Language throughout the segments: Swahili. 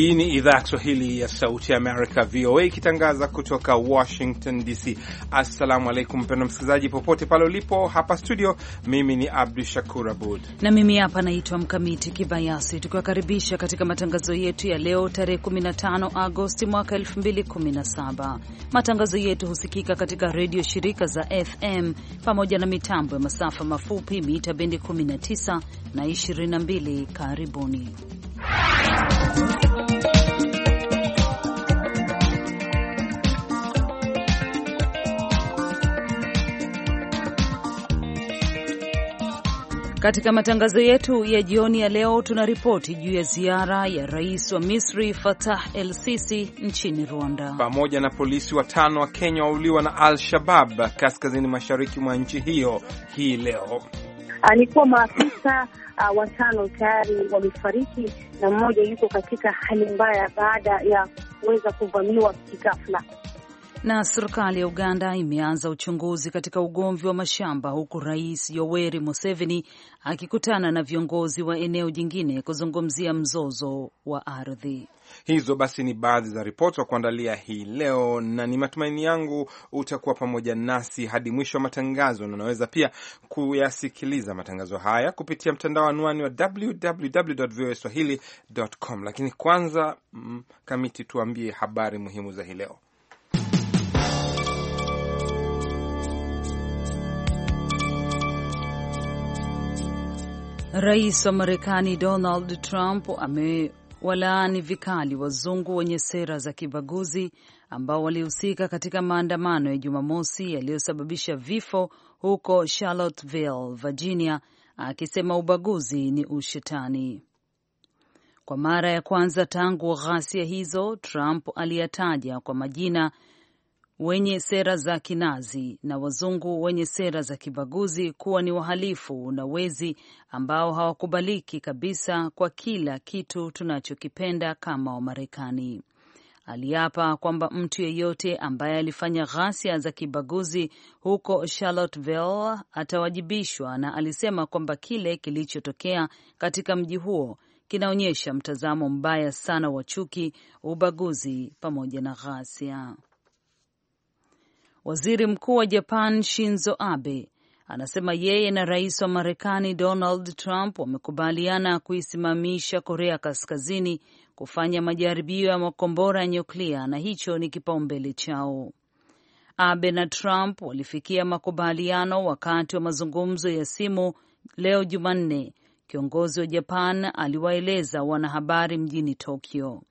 Hii ni idhaa ya Kiswahili ya Sauti ya Amerika, VOA, ikitangaza kutoka Washington DC. Assalamu alaikum, mpendo msikilizaji, popote pale ulipo. Hapa studio, mimi ni Abdu Shakur Abud na mimi hapa naitwa Mkamiti Kibayasi, tukiwakaribisha katika matangazo yetu ya leo tarehe 15 Agosti mwaka 2017. Matangazo yetu husikika katika redio shirika za FM pamoja na mitambo ya masafa mafupi mita bendi 19 na 22. Karibuni. Katika matangazo yetu ya jioni ya leo tuna ripoti juu ya ziara ya rais wa Misri Fatah El Sisi nchini Rwanda, pamoja na polisi watano wa Kenya wauliwa na Al Shabab kaskazini mashariki mwa nchi hiyo hii leo. Ah, ni kuwa maafisa uh, watano tayari wamefariki na mmoja yuko katika hali mbaya baada ya kuweza kuvamiwa kikafla. Na serikali ya Uganda imeanza uchunguzi katika ugomvi wa mashamba huku Rais Yoweri Museveni akikutana na viongozi wa eneo jingine kuzungumzia mzozo wa ardhi. Hizo basi ni baadhi za ripoti wa kuandalia hii leo, na ni matumaini yangu utakuwa pamoja nasi hadi mwisho wa matangazo, na unaweza pia kuyasikiliza matangazo haya kupitia mtandao anwani wa www.voaswahili.com. Lakini kwanza mm, Kamiti, tuambie habari muhimu za hii leo. Rais wa Marekani Donald Trump ame walaani vikali wazungu wenye sera za kibaguzi ambao walihusika katika maandamano ya Jumamosi yaliyosababisha vifo huko Charlottesville, Virginia, akisema ubaguzi ni ushetani. Kwa mara ya kwanza tangu ghasia hizo, Trump aliyataja kwa majina wenye sera za kinazi na wazungu wenye sera za kibaguzi kuwa ni wahalifu na wezi ambao hawakubaliki kabisa kwa kila kitu tunachokipenda kama Wamarekani. Aliapa kwamba mtu yeyote ambaye alifanya ghasia za kibaguzi huko Charlottesville atawajibishwa, na alisema kwamba kile kilichotokea katika mji huo kinaonyesha mtazamo mbaya sana wa chuki, ubaguzi pamoja na ghasia. Waziri Mkuu wa Japan Shinzo Abe anasema yeye na rais wa Marekani Donald Trump wamekubaliana kuisimamisha Korea Kaskazini kufanya majaribio ya makombora ya nyuklia na hicho ni kipaumbele chao. Abe na Trump walifikia makubaliano wakati wa mazungumzo ya simu leo Jumanne. Kiongozi wa Japan aliwaeleza wanahabari mjini Tokyo.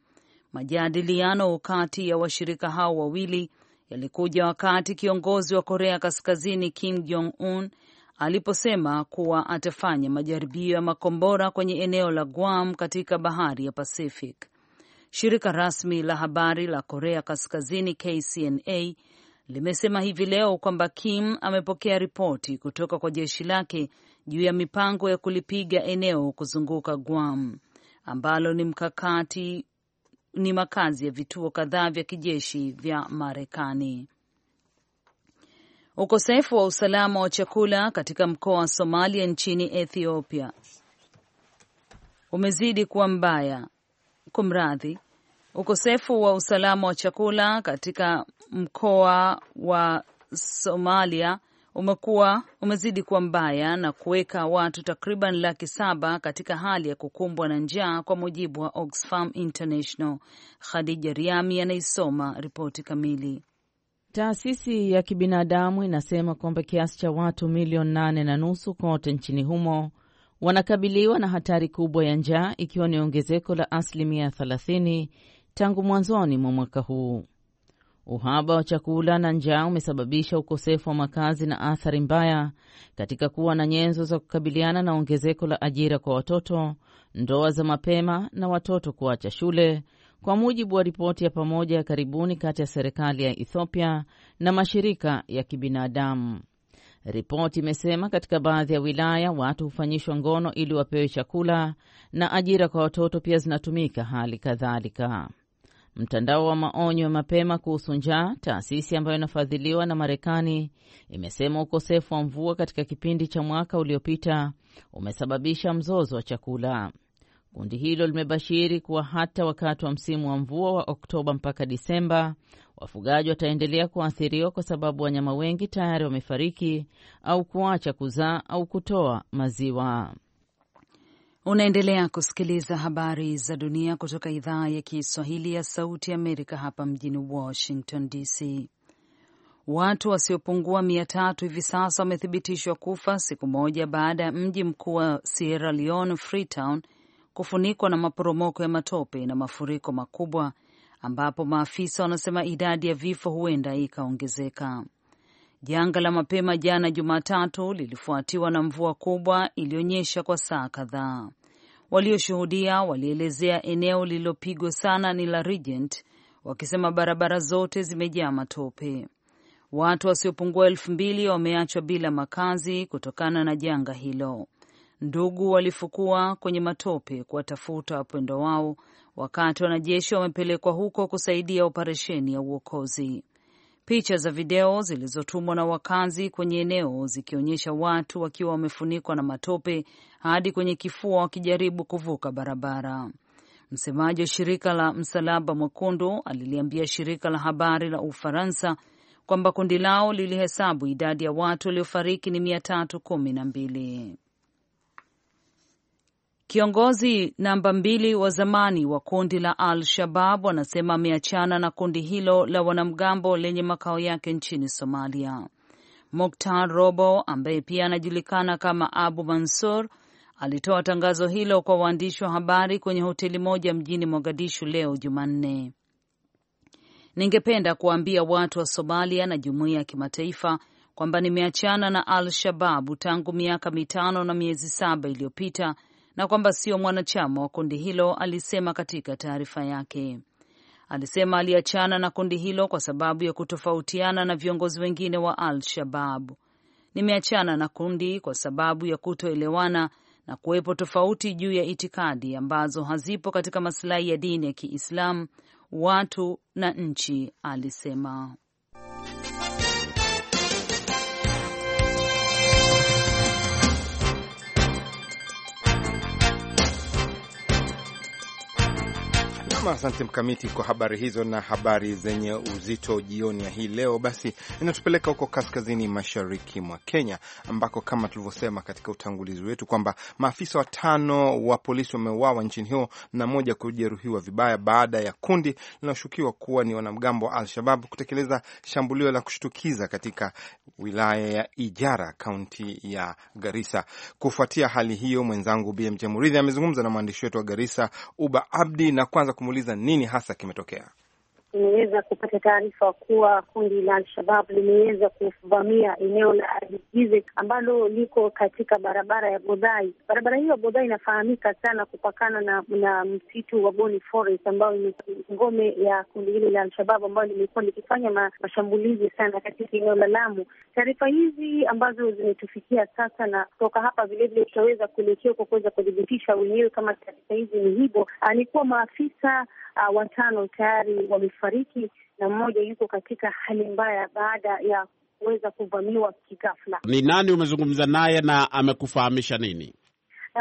Majadiliano kati ya washirika hao wawili yalikuja wakati kiongozi wa Korea Kaskazini Kim Jong Un aliposema kuwa atafanya majaribio ya makombora kwenye eneo la Guam katika bahari ya Pacific. Shirika rasmi la habari la Korea Kaskazini KCNA limesema hivi leo kwamba Kim amepokea ripoti kutoka kwa jeshi lake juu ya mipango ya kulipiga eneo kuzunguka Guam ambalo ni mkakati ni makazi ya vituo kadhaa vya kijeshi vya Marekani. Ukosefu wa usalama wa chakula katika mkoa wa Somalia nchini Ethiopia umezidi kuwa mbaya. Kumradhi, ukosefu wa usalama wa chakula katika mkoa wa Somalia umekuwa umezidi kuwa mbaya na kuweka watu takriban laki saba katika hali ya kukumbwa na njaa kwa mujibu wa Oxfam International. Khadija Riami anaisoma ripoti kamili. Taasisi ya kibinadamu inasema kwamba kiasi cha watu milioni nane na nusu kote nchini humo wanakabiliwa na hatari kubwa ya njaa ikiwa ni ongezeko la asilimia 30 tangu mwanzoni mwa mwaka huu. Uhaba wa chakula na njaa umesababisha ukosefu wa makazi na athari mbaya katika kuwa na nyenzo za kukabiliana na ongezeko la ajira kwa watoto, ndoa za mapema na watoto kuacha shule, kwa mujibu wa ripoti ya pamoja ya karibuni kati ya serikali ya Ethiopia na mashirika ya kibinadamu. Ripoti imesema katika baadhi ya wilaya watu hufanyishwa ngono ili wapewe chakula, na ajira kwa watoto pia zinatumika hali kadhalika. Mtandao wa maonyo ya mapema kuhusu njaa, taasisi ambayo inafadhiliwa na Marekani, imesema ukosefu wa mvua katika kipindi cha mwaka uliopita umesababisha mzozo wa chakula. Kundi hilo limebashiri kuwa hata wakati wa msimu wa mvua wa Oktoba mpaka Disemba, wafugaji wataendelea kuathiriwa kwa sababu wanyama wengi tayari wamefariki au kuacha kuzaa au kutoa maziwa. Unaendelea kusikiliza habari za dunia kutoka idhaa ya Kiswahili ya Sauti Amerika hapa mjini Washington DC. Watu wasiopungua mia tatu hivi sasa wamethibitishwa kufa siku moja baada ya mji mkuu wa Sierra Leone, Freetown, kufunikwa na maporomoko ya matope na mafuriko makubwa, ambapo maafisa wanasema idadi ya vifo huenda ikaongezeka. Janga la mapema jana Jumatatu lilifuatiwa na mvua kubwa iliyonyesha kwa saa kadhaa. Walioshuhudia walielezea eneo lililopigwa sana ni la Regent, wakisema barabara zote zimejaa matope. Watu wasiopungua elfu mbili wameachwa bila makazi kutokana na janga hilo. Ndugu walifukua kwenye matope kuwatafuta wapendo wao, wakati wanajeshi wamepelekwa huko kusaidia operesheni ya uokozi. Picha za video zilizotumwa na wakazi kwenye eneo zikionyesha watu wakiwa wamefunikwa na matope hadi kwenye kifua wakijaribu kuvuka barabara. Msemaji wa shirika la Msalaba Mwekundu aliliambia shirika la habari la Ufaransa kwamba kundi lao lilihesabu idadi ya watu waliofariki ni mia tatu kumi na mbili. Kiongozi namba mbili wa zamani wa kundi la Al Shabab wanasema ameachana na kundi hilo la wanamgambo lenye makao yake nchini Somalia. Moktar Robo ambaye pia anajulikana kama Abu Mansur alitoa tangazo hilo kwa waandishi wa habari kwenye hoteli moja mjini Mogadishu leo Jumanne. Ningependa kuwaambia watu wa Somalia na jumuiya ya kimataifa kwamba nimeachana na Al Shababu tangu miaka mitano na miezi saba iliyopita na kwamba sio mwanachama wa kundi hilo, alisema katika taarifa yake. Alisema aliachana na kundi hilo kwa sababu ya kutofautiana na viongozi wengine wa Al-Shabab. Nimeachana na kundi kwa sababu ya kutoelewana na kuwepo tofauti juu ya itikadi ambazo hazipo katika masilahi ya dini ya Kiislamu, watu na nchi, alisema. Asante Mkamiti kwa habari hizo na habari zenye uzito jioni ya hii leo. Basi inatupeleka huko kaskazini mashariki mwa Kenya, ambako kama tulivyosema katika utangulizi wetu kwamba maafisa watano wa polisi wameuawa nchini hiyo na moja kujeruhiwa vibaya baada ya kundi linaloshukiwa kuwa ni wanamgambo wa Al-Shabab kutekeleza shambulio la kushtukiza katika wilaya ya Ijara, kaunti ya Garisa. Kufuatia hali hiyo, mwenzangu BMJ Muridhi amezungumza na mwandishi wetu wa Garisa, Uba Abdi, na kwanza kum akamuuliza nini hasa kimetokea tumeweza kupata taarifa kuwa kundi la Al-Shabab limeweza kuvamia eneo la Adigize ambalo liko katika barabara ya Bodhai. Barabara hiyo ya Bodhai inafahamika sana kupakana na, na msitu wa Boni Forest ambayo ni ngome ya kundi hili la Al-Shabab ambayo limekuwa likifanya ma, mashambulizi sana katika eneo la Lamu. Taarifa hizi ambazo zimetufikia sasa na kutoka hapa vilevile tutaweza kuelekea kwa kuweza kudhibitisha wenyewe kama taarifa hizi ni hivyo, ah, ni kuwa maafisa uh, watano tayari wame amefariki na mmoja yuko katika hali mbaya baada ya kuweza kuvamiwa kighafla. Ni nani umezungumza naye na amekufahamisha nini?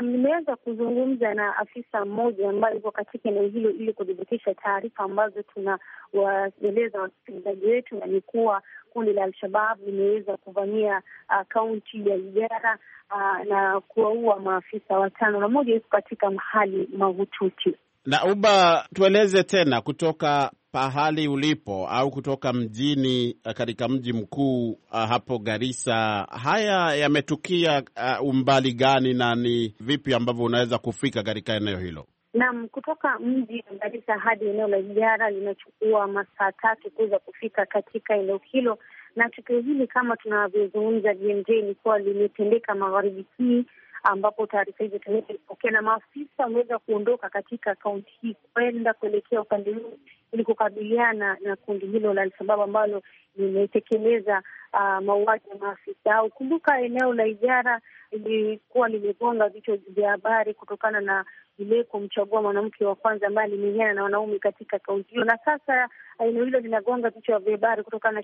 Nimeweza kuzungumza na afisa mmoja ambaye yuko katika eneo hilo ili kudhibitisha taarifa ambazo tunawaeleza wasikilizaji wetu, na ni kuwa kundi la Alshabab limeweza kuvamia ah, kaunti ya Ijara ah, na kuwaua maafisa watano na mmoja yuko katika mhali mahututi. Na Uba, tueleze tena kutoka pahali ulipo au kutoka mjini eh, katika mji mkuu eh, hapo Garissa, haya yametukia eh, umbali gani na ni vipi ambavyo unaweza kufika katika eneo hilo? Naam, kutoka mji wa Garissa hadi eneo la Ijara linachukua masaa tatu kuweza kufika katika eneo hilo, na tukio hili kama tunavyozungumza, BMJ, ilikuwa limetendeka magharibi hii ambapo taarifa hizi tumepokea na maafisa wameweza kuondoka katika kaunti hii kwenda kuelekea upande huu ili kukabiliana na kundi hilo la Alshababu ambalo limetekeleza uh, mauaji ya maafisa. Ukumbuka eneo la Ijara lilikuwa limegonga vichwa vya habari kutokana na ile kumchagua mwanamke wa kwanza ambaye alimenyana na wanaume katika kaunti hiyo, na sasa ah, eneo hilo linagonga vichwa vya habari kutokana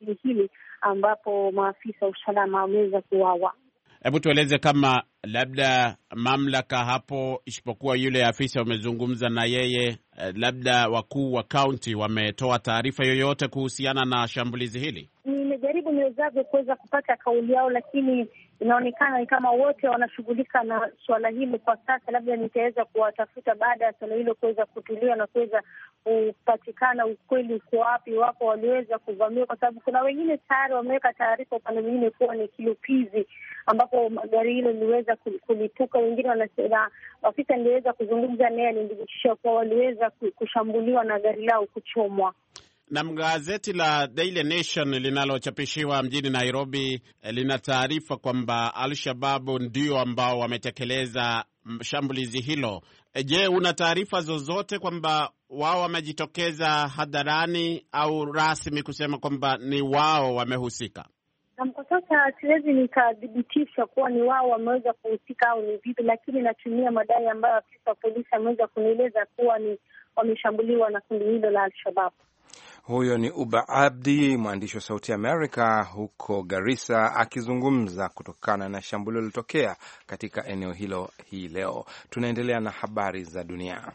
na hili ambapo maafisa wa usalama wameweza kuwawa Hebu tueleze kama labda mamlaka hapo, isipokuwa yule afisa wamezungumza na yeye, eh, labda wakuu wa kaunti wametoa taarifa yoyote kuhusiana na shambulizi hili? nimejaribu niwezavyo kuweza kupata kauli yao, lakini inaonekana ni kama wote wanashughulika na suala hilo kwa sasa. Labda nitaweza kuwatafuta baada ya suala hilo kuweza kutulia na kuweza kupatikana ukweli uko wapi, wapo waliweza kuvamiwa, kwa sababu kuna wengine tayari wameweka taarifa upande mwingine kuwa ni kilupizi ambapo gari hilo liliweza kulituka. Wengine wanasema afisa niliweza kuzungumza naye alinidhibitisha kuwa waliweza kushambuliwa na gari lao kuchomwa. Na gazeti la Daily Nation linalochapishiwa mjini Nairobi eh, lina taarifa kwamba Al-Shababu ndio ambao wametekeleza shambulizi hilo. Eh, je, una taarifa zozote kwamba wao wamejitokeza hadharani au rasmi kusema kwamba ni wao wamehusika? Kwa sasa siwezi nikathibitisha kuwa ni wao wameweza kuhusika au ni vipi, lakini natumia madai ambayo afisa wa polisi ameweza kunieleza kuwa ni wameshambuliwa na kundi hilo la Alshababu. Huyo ni Uba Abdi, mwandishi wa Sauti Amerika huko Garissa, akizungumza kutokana na shambulio lilotokea katika eneo hilo hii leo. Tunaendelea na habari za dunia.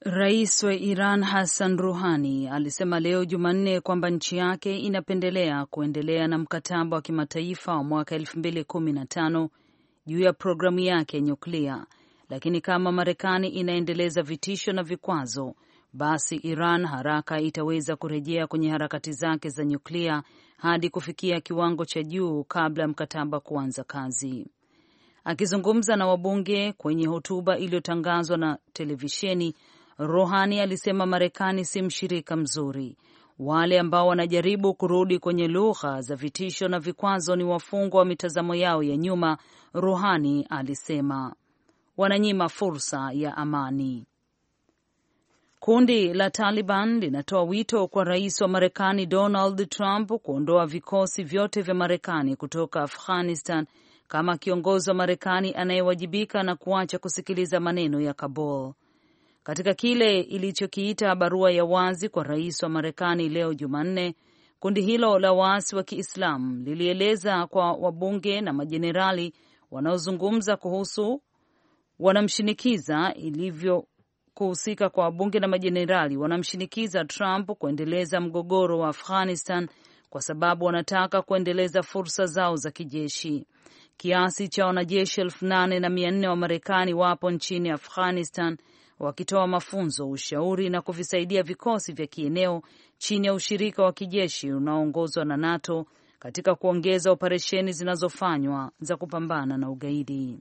Rais wa Iran Hassan Ruhani alisema leo Jumanne kwamba nchi yake inapendelea kuendelea na mkataba wa kimataifa wa mwaka 2015 juu ya programu yake ya nyuklia lakini kama Marekani inaendeleza vitisho na vikwazo, basi Iran haraka itaweza kurejea kwenye harakati zake za nyuklia hadi kufikia kiwango cha juu kabla ya mkataba kuanza kazi. Akizungumza na wabunge kwenye hotuba iliyotangazwa na televisheni, Rohani alisema Marekani si mshirika mzuri. Wale ambao wanajaribu kurudi kwenye lugha za vitisho na vikwazo ni wafungwa wa mitazamo yao ya nyuma, Rohani alisema wananyima fursa ya amani. Kundi la Taliban linatoa wito kwa rais wa Marekani Donald Trump kuondoa vikosi vyote vya Marekani kutoka Afghanistan kama kiongozi wa Marekani anayewajibika na kuacha kusikiliza maneno ya Kabul. Katika kile ilichokiita barua ya wazi kwa rais wa Marekani leo Jumanne, kundi hilo la waasi wa Kiislamu lilieleza kwa wabunge na majenerali wanaozungumza kuhusu wanamshinikiza ilivyo kuhusika kwa wabunge na majenerali wanamshinikiza Trump kuendeleza mgogoro wa Afghanistan kwa sababu wanataka kuendeleza fursa zao za kijeshi. Kiasi cha wanajeshi elfu nane na mia nne wa Marekani wapo nchini Afghanistan wakitoa mafunzo, ushauri na kuvisaidia vikosi vya kieneo chini ya ushirika wa kijeshi unaoongozwa na NATO katika kuongeza operesheni zinazofanywa za kupambana na ugaidi.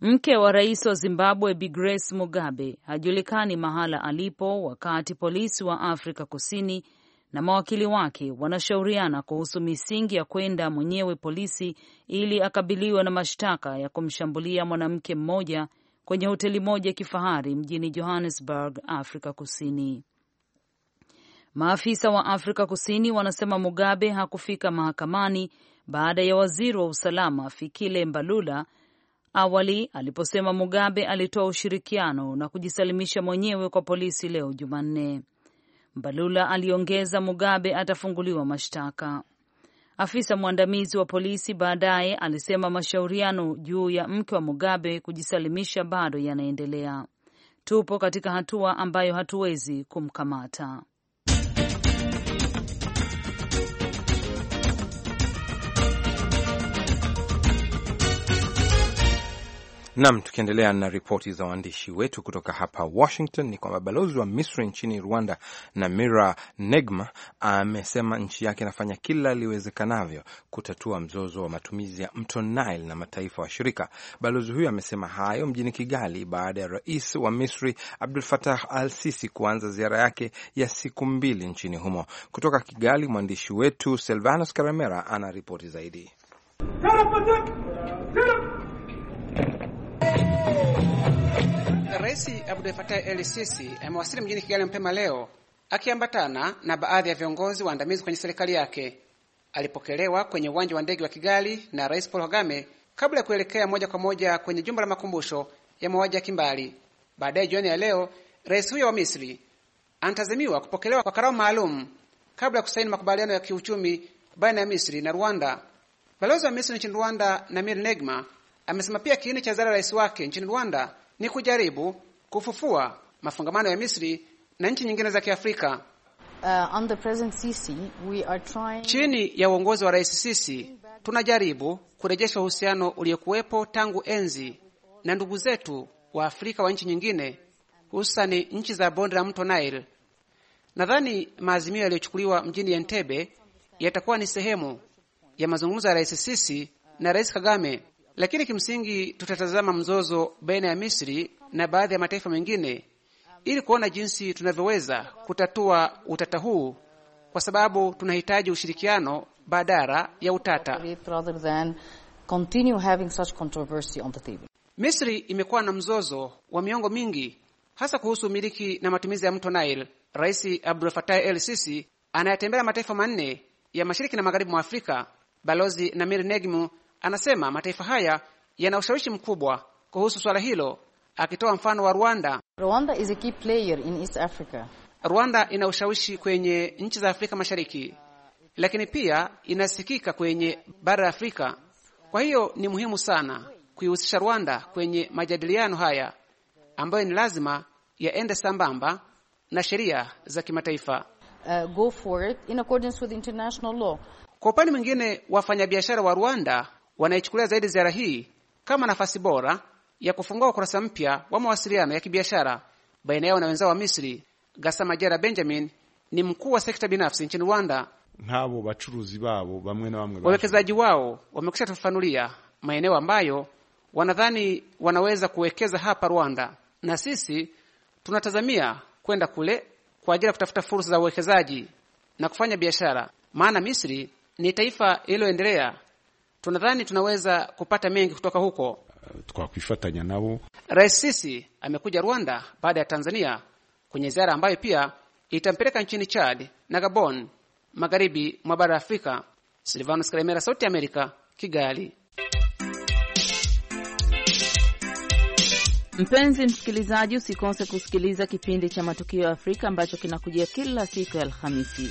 Mke wa rais wa Zimbabwe Bi Grace Mugabe hajulikani mahala alipo, wakati polisi wa Afrika Kusini na mawakili wake wanashauriana kuhusu misingi ya kwenda mwenyewe polisi ili akabiliwe na mashtaka ya kumshambulia mwanamke mmoja kwenye hoteli moja ya kifahari mjini Johannesburg, Afrika Kusini. Maafisa wa Afrika Kusini wanasema Mugabe hakufika mahakamani baada ya waziri wa usalama Fikile Mbalula awali aliposema Mugabe alitoa ushirikiano na kujisalimisha mwenyewe kwa polisi leo Jumanne. Mbalula aliongeza Mugabe atafunguliwa mashtaka. Afisa mwandamizi wa polisi baadaye alisema mashauriano juu ya mke wa Mugabe kujisalimisha bado yanaendelea. Tupo katika hatua ambayo hatuwezi kumkamata. Nam, tukiendelea na ripoti za waandishi wetu kutoka hapa Washington ni kwamba balozi wa Misri nchini Rwanda Namira Negma amesema nchi yake inafanya kila liwezekanavyo kutatua mzozo wa matumizi ya mto Nile na mataifa washirika. Balozi huyo amesema hayo mjini Kigali baada ya rais wa Misri Abdul Fatah Al Sisi kuanza ziara yake ya siku mbili nchini humo. Kutoka Kigali, mwandishi wetu Silvanos karemera ana ripoti zaidi. Rais Abdel Fattah El Sisi amewasili mjini Kigali mapema leo akiambatana na baadhi ya viongozi waandamizi kwenye serikali yake. Alipokelewa kwenye uwanja wa ndege wa Kigali na Rais Paul Kagame kabla ya kuelekea moja kwa moja kwenye jumba la makumbusho ya mauaji ya kimbali. Baadaye jioni ya leo, rais huyo wa Misri anatazamiwa kupokelewa kwa karamu maalum kabla ya kusaini makubaliano ya kiuchumi baina ya Misri na Rwanda. Balozi wa Misri nchini Rwanda Namir Negma amesema pia kiini cha ziara ya rais wake nchini Rwanda ni kujaribu kufufua mafungamano ya Misri na nchi nyingine za Kiafrika. Uh, under Sisi, we are trying... Chini ya uongozi wa Rais Sisi tunajaribu kurejesha uhusiano uliokuwepo tangu enzi na ndugu zetu wa Afrika wa nchi nyingine, hususani nchi za bonde la mto Nile. Nadhani maazimio yaliyochukuliwa mjini Entebbe yatakuwa ni sehemu ya mazungumzo ya Rais Sisi na Rais Kagame lakini kimsingi tutatazama mzozo baina ya Misri na baadhi ya mataifa mengine ili kuona jinsi tunavyoweza kutatua utata huu, kwa sababu tunahitaji ushirikiano badala ya utata. Misri imekuwa na mzozo wa miongo mingi, hasa kuhusu umiliki na matumizi ya mto Nile. Rais Abdul Fattah El Sisi anayetembea mataifa manne ya mashariki na magharibi mwa Afrika. Balozi Namir Negmu Anasema mataifa haya yana ushawishi mkubwa kuhusu swala hilo, akitoa mfano wa Rwanda. Rwanda is a key player in East Africa. Rwanda ina ushawishi kwenye nchi za Afrika Mashariki, lakini pia inasikika kwenye bara la Afrika. Kwa hiyo ni muhimu sana kuihusisha Rwanda kwenye majadiliano haya ambayo ni lazima yaende sambamba na sheria za kimataifa. Uh, go for it in accordance with international law. Kwa upande mwingine, wafanyabiashara wa Rwanda wanaichukulia zaidi ziara hii kama nafasi bora ya kufungua ukurasa mpya wa mawasiliano ya kibiashara baina yao na wenzao wa Misri. Gasamagera Benjamin ni mkuu wa sekta binafsi nchini Rwanda. Nabo bacuruzi babo bamwe na bamwe, wawekezaji wao wamekusha tufafanulia maeneo ambayo wanadhani wanaweza kuwekeza hapa Rwanda, na sisi tunatazamia kwenda kule kwa ajili ya kutafuta fursa za uwekezaji na kufanya biashara, maana Misri ni taifa lililoendelea tunadhani tunaweza kupata mengi kutoka huko twakwifatanya nao. Rais Sisi amekuja Rwanda baada ya Tanzania kwenye ziara ambayo pia itampeleka nchini Chad na Gabon, magharibi mwa bara ya Afrika. Silvanus Kalemera, Sauti ya Amerika, Kigali. Mpenzi msikilizaji, usikose kusikiliza kipindi cha Matukio ya Afrika ambacho kinakujia kila siku ya Alhamisi.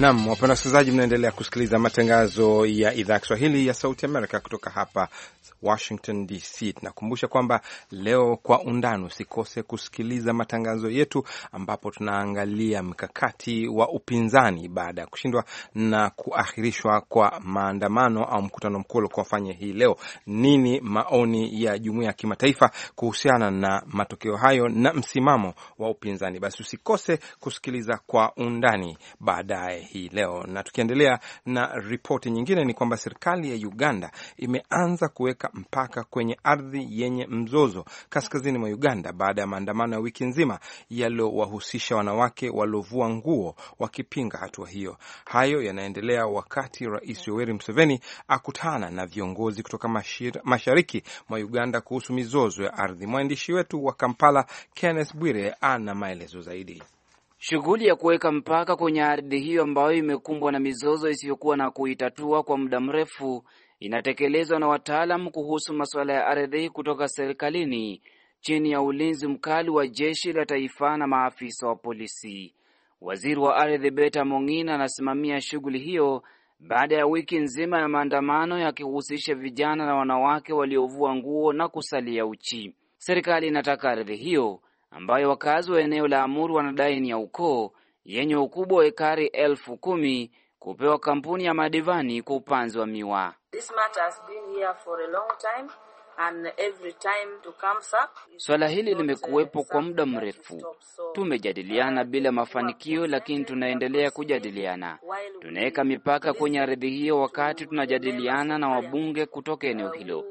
Nam, wapenda wasikilizaji, mnaendelea kusikiliza matangazo ya idhaa ya Kiswahili ya Sauti Amerika kutoka hapa Washington DC. Tunakumbusha kwamba leo kwa undani, usikose kusikiliza matangazo yetu, ambapo tunaangalia mkakati wa upinzani baada ya kushindwa na kuahirishwa kwa maandamano au mkutano mkuu uliokuwa hii leo. Nini maoni ya jumuiya ya kimataifa kuhusiana na matokeo hayo na msimamo wa upinzani? Basi usikose kusikiliza kwa undani baadaye hii leo. Na tukiendelea na ripoti nyingine, ni kwamba serikali ya Uganda imeanza kuweka mpaka kwenye ardhi yenye mzozo kaskazini mwa Uganda baada ya maandamano ya wiki nzima yaliyowahusisha wanawake waliovua nguo wakipinga hatua hiyo. Hayo yanaendelea wakati Rais Yoweri Museveni akutana na viongozi kutoka mashir, mashariki mwa Uganda kuhusu mizozo ya ardhi. Mwandishi wetu wa Kampala Kenneth Bwire ana maelezo zaidi. Shughuli ya kuweka mpaka kwenye ardhi hiyo ambayo imekumbwa na mizozo isiyokuwa na kuitatua kwa muda mrefu inatekelezwa na wataalamu kuhusu masuala ya ardhi kutoka serikalini chini ya ulinzi mkali wa jeshi la taifa na maafisa wa polisi. Waziri wa ardhi Beta Mong'in anasimamia shughuli hiyo baada ya wiki nzima ya maandamano yakihusisha vijana na wanawake waliovua nguo na kusalia uchi. Serikali inataka ardhi hiyo ambayo wakazi wa eneo la Amuru wanadai ni ya ukoo yenye ukubwa wa ekari elfu kumi kupewa kampuni ya Madivani kwa upanzi wa miwa. Swala hili uh, limekuwepo kwa muda mrefu. Tumejadiliana uh, bila mafanikio, lakini tunaendelea kujadiliana. Tunaweka mipaka kwenye ardhi hiyo wakati tunajadiliana na wabunge kutoka eneo hilo.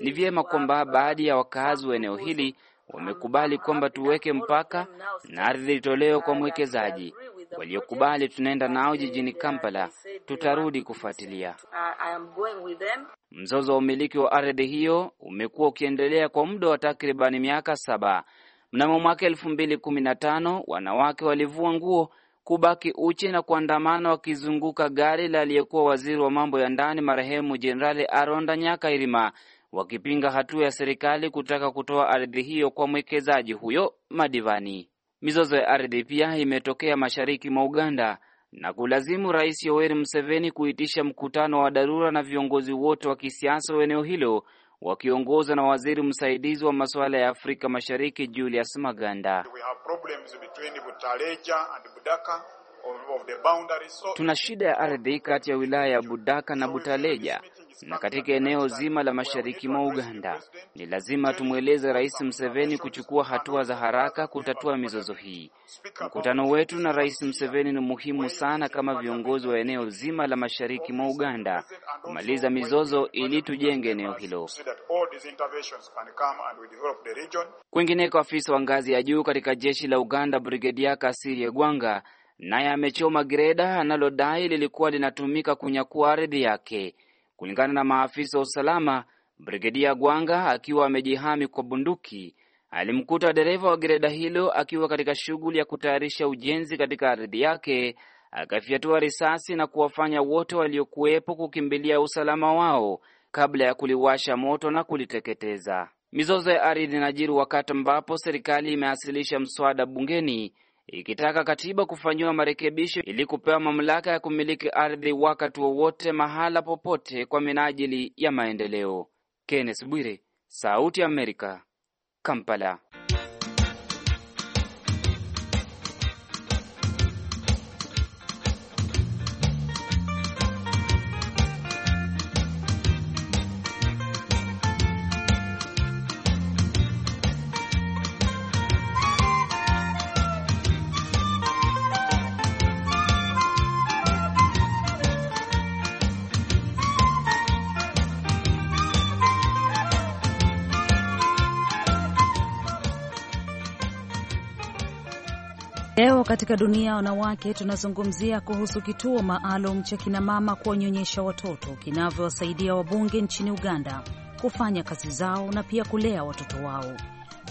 Ni vyema kwamba baadhi ya wakazi wa eneo hili wamekubali kwamba tuweke mpaka na ardhi itolewe kwa mwekezaji. Waliokubali tunaenda nao jijini Kampala, tutarudi kufuatilia. Mzozo wa umiliki wa ardhi hiyo umekuwa ukiendelea kwa muda wa takribani miaka saba. Mnamo mwaka elfu mbili kumi na tano wanawake walivua nguo kubaki uchi na kuandamana wakizunguka gari la aliyekuwa waziri wa mambo ya ndani marehemu Jenerali Aronda Nyakairima wakipinga hatua ya serikali kutaka kutoa ardhi hiyo kwa mwekezaji huyo Madivani. Mizozo ya ardhi pia imetokea mashariki mwa Uganda na kulazimu Rais Yoweri Museveni kuitisha mkutano wa dharura na viongozi wote wa kisiasa wa eneo hilo wakiongozwa na waziri msaidizi wa masuala ya Afrika Mashariki Julius Maganda. Tuna shida ya ardhi kati ya wilaya ya Budaka na Butaleja na katika eneo zima la mashariki mwa Uganda. Ni lazima tumweleze Rais Museveni kuchukua hatua za haraka kutatua mizozo hii. Mkutano wetu na Rais Museveni ni muhimu sana kama viongozi wa eneo zima la mashariki mwa Uganda kumaliza mizozo ili tujenge eneo hilo. Kwingineko, afisa wa ngazi ya juu katika jeshi la Uganda Brigedia Kasirye Gwanga naye amechoma greda analodai lilikuwa linatumika kunyakua ardhi yake. Kulingana na maafisa wa usalama, Brigedia Gwanga akiwa amejihami kwa bunduki alimkuta dereva wa gereda hilo akiwa katika shughuli ya kutayarisha ujenzi katika ardhi yake, akafyatua risasi na kuwafanya wote waliokuwepo kukimbilia usalama wao kabla ya kuliwasha moto na kuliteketeza. Mizozo ya ardhi inajiri wakati ambapo serikali imeasilisha mswada bungeni ikitaka katiba kufanyiwa marekebisho ili kupewa mamlaka ya kumiliki ardhi wakati wowote mahala popote kwa minajili ya maendeleo. Kenneth Bwire, Sauti ya Amerika, Kampala. Leo katika dunia ya wanawake tunazungumzia kuhusu kituo maalum cha kinamama kuwanyonyesha watoto kinavyowasaidia wabunge nchini Uganda kufanya kazi zao na pia kulea watoto wao.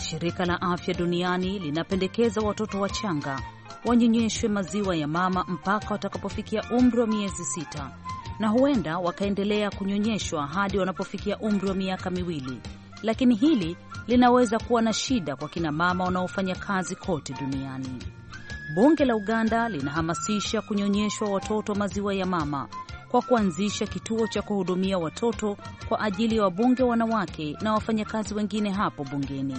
Shirika la Afya Duniani linapendekeza watoto wachanga wanyonyeshwe maziwa ya mama mpaka watakapofikia umri wa miezi sita na huenda wakaendelea kunyonyeshwa hadi wanapofikia umri wa miaka miwili, lakini hili linaweza kuwa na shida kwa kinamama wanaofanya kazi kote duniani. Bunge la Uganda linahamasisha kunyonyeshwa watoto maziwa ya mama kwa kuanzisha kituo cha kuhudumia watoto kwa ajili ya wa wabunge wanawake na wafanyakazi wengine hapo bungeni.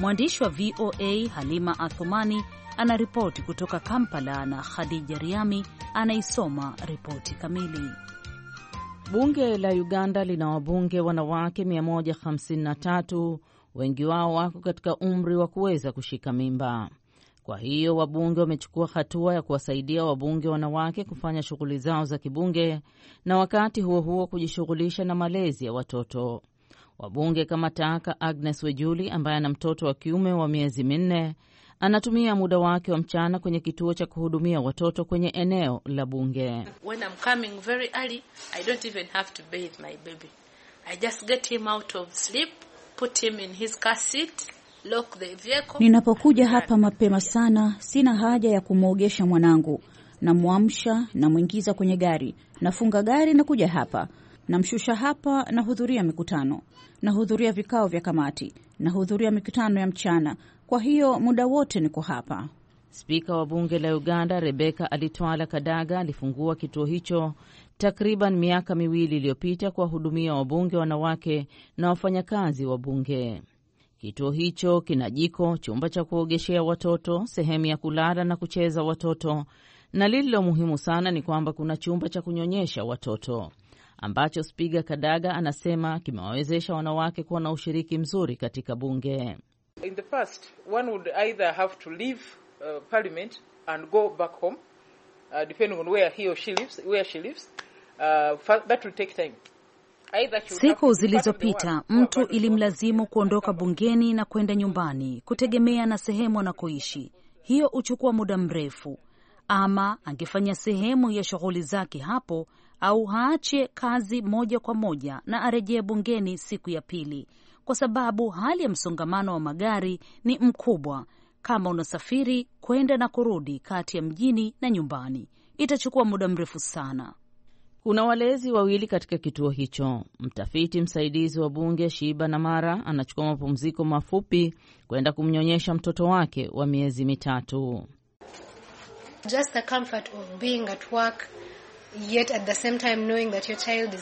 Mwandishi wa VOA Halima Athumani anaripoti kutoka Kampala na Khadija Riami anaisoma ripoti kamili. Bunge la Uganda lina wabunge wanawake 153, wengi wao wako katika umri wa kuweza kushika mimba. Kwa hiyo wabunge wamechukua hatua ya kuwasaidia wabunge wanawake kufanya shughuli zao za kibunge na wakati huo huo kujishughulisha na malezi ya watoto. Wabunge kama Taka Agnes Wejuli ambaye ana mtoto wa kiume wa miezi minne anatumia muda wake wa mchana kwenye kituo cha kuhudumia watoto kwenye eneo la bunge. Ninapokuja hapa mapema sana, sina haja ya kumwogesha mwanangu. Namwamsha, namwingiza kwenye gari, nafunga gari na kuja hapa, namshusha hapa, nahudhuria mikutano, nahudhuria vikao vya kamati, nahudhuria mikutano ya mchana. Kwa hiyo muda wote niko hapa. Spika wa bunge la Uganda Rebeka Alitwala Kadaga alifungua kituo hicho takriban miaka miwili iliyopita kuwahudumia wabunge wanawake na wafanyakazi wa bunge. Kituo hicho kina jiko, chumba cha kuogeshea watoto, sehemu ya kulala na kucheza watoto, na lililo muhimu sana ni kwamba kuna chumba cha kunyonyesha watoto ambacho Spiga Kadaga anasema kimewawezesha wanawake kuwa na ushiriki mzuri katika bunge. In the past, one would either have to leave, uh, parliament and go back home, uh, depending on where he or she lives, where she lives. Uh, that will take time. Siku zilizopita mtu ilimlazimu kuondoka bungeni na kwenda nyumbani, kutegemea na sehemu anakoishi. Hiyo huchukua muda mrefu, ama angefanya sehemu ya shughuli zake hapo, au haache kazi moja kwa moja na arejee bungeni siku ya pili, kwa sababu hali ya msongamano wa magari ni mkubwa. Kama unasafiri kwenda na kurudi kati ya mjini na nyumbani, itachukua muda mrefu sana. Kuna walezi wawili katika kituo hicho. Mtafiti msaidizi wa bunge Shiba Namara anachukua mapumziko mafupi kwenda kumnyonyesha mtoto wake wa miezi mitatu.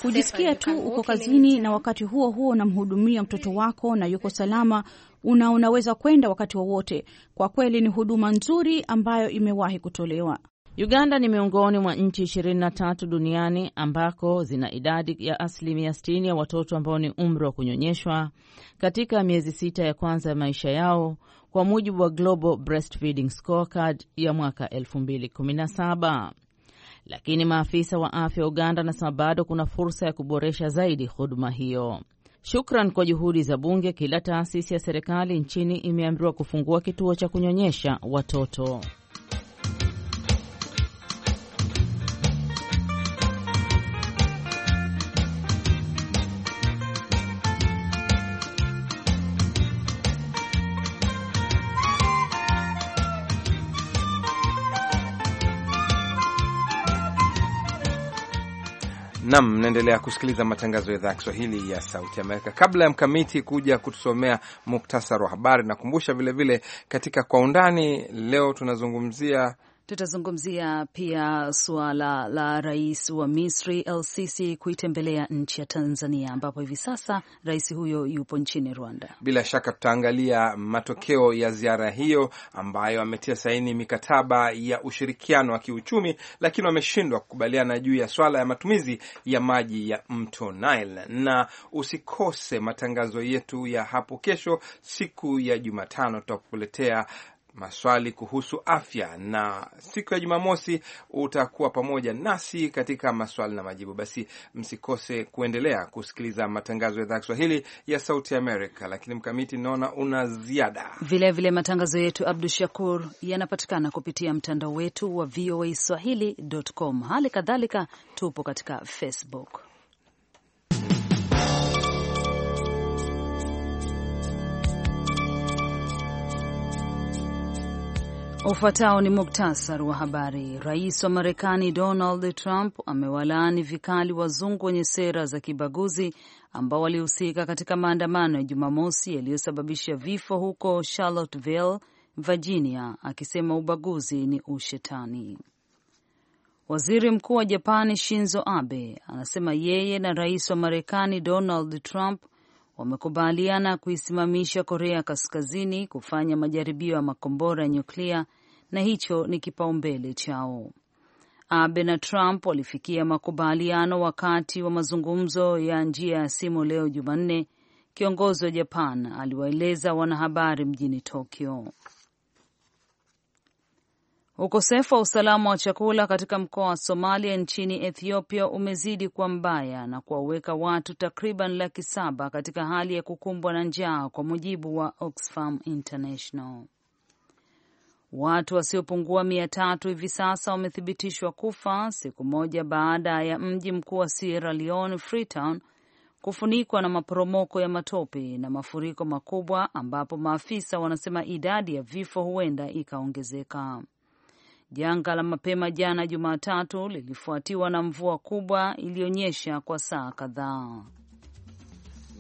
Kujisikia tu uko kazini na wakati huo huo unamhudumia mtoto wako na yuko salama, una unaweza kwenda wakati wowote wa. Kwa kweli ni huduma nzuri ambayo imewahi kutolewa. Uganda ni miongoni mwa nchi 23 duniani ambako zina idadi ya asilimia 60 ya watoto ambao ni umri wa kunyonyeshwa katika miezi sita ya kwanza ya maisha yao kwa mujibu wa Global Breastfeeding Scorecard ya mwaka 2017. Lakini maafisa wa afya Uganda wanasema bado kuna fursa ya kuboresha zaidi huduma hiyo. Shukran kwa juhudi za bunge, kila taasisi ya serikali nchini imeambiwa kufungua kituo cha kunyonyesha watoto. Nam, mnaendelea kusikiliza matangazo ya idhaa ya Kiswahili ya Sauti Amerika. Kabla ya Mkamiti kuja kutusomea muktasari wa habari, nakumbusha vilevile katika Kwa Undani leo tunazungumzia Tutazungumzia pia suala la rais wa Misri El Sisi kuitembelea nchi ya Tanzania, ambapo hivi sasa rais huyo yupo nchini Rwanda. Bila shaka tutaangalia matokeo ya ziara hiyo ambayo ametia saini mikataba ya ushirikiano wa kiuchumi, lakini wameshindwa kukubaliana juu ya swala ya matumizi ya maji ya mto Nile. Na usikose matangazo yetu ya hapo kesho, siku ya Jumatano, tutakuletea maswali kuhusu afya, na siku ya Jumamosi utakuwa pamoja nasi katika maswali na majibu. Basi msikose kuendelea kusikiliza matangazo ya idhaa Kiswahili ya Sauti Amerika. Lakini Mkamiti, naona una ziada. Vilevile matangazo yetu Abdu Shakur yanapatikana kupitia mtandao wetu wa VOA swahili.com. Hali kadhalika tupo katika Facebook. Ufuatao ni muktasar wa habari. Rais wa Marekani Donald Trump amewalaani vikali wazungu wenye sera za kibaguzi ambao walihusika katika maandamano ya Jumamosi yaliyosababisha vifo huko Charlottesville, Virginia, akisema ubaguzi ni ushetani. Waziri Mkuu wa Japani Shinzo Abe anasema yeye na rais wa Marekani Donald Trump wamekubaliana kuisimamisha Korea Kaskazini kufanya majaribio ya makombora ya nyuklia na hicho ni kipaumbele chao. Abe na Trump walifikia makubaliano wakati wa mazungumzo ya njia ya simu leo Jumanne. Kiongozi wa Japan aliwaeleza wanahabari mjini Tokyo. Ukosefu wa usalama wa chakula katika mkoa wa Somalia nchini Ethiopia umezidi kuwa mbaya na kuwaweka watu takriban laki saba katika hali ya kukumbwa na njaa kwa mujibu wa Oxfam International. Watu wasiopungua mia tatu hivi sasa wamethibitishwa kufa siku moja baada ya mji mkuu wa Sierra Leone, Freetown, kufunikwa na maporomoko ya matope na mafuriko makubwa, ambapo maafisa wanasema idadi ya vifo huenda ikaongezeka. Janga la mapema jana Jumatatu lilifuatiwa na mvua kubwa iliyonyesha kwa saa kadhaa.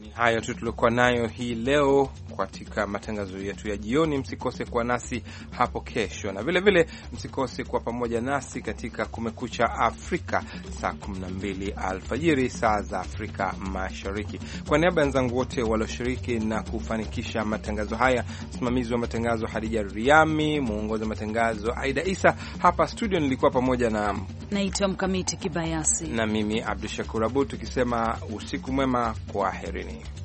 Ni hayo tu tuliokuwa nayo hii leo katika matangazo yetu ya jioni. Msikose kuwa nasi hapo kesho, na vilevile msikose kuwa pamoja nasi katika Kumekucha Afrika saa 12 alfajiri saa za Afrika Mashariki. Kwa niaba ya wenzangu wote walioshiriki na kufanikisha matangazo haya, msimamizi wa matangazo Hadija Riami, mwongozi wa matangazo Aida Isa, hapa studio nilikuwa pamoja na naitwa Mkamiti Kibayasi na mimi Abdu Shakur Abud, tukisema usiku mwema, kwa kwaherini. dream.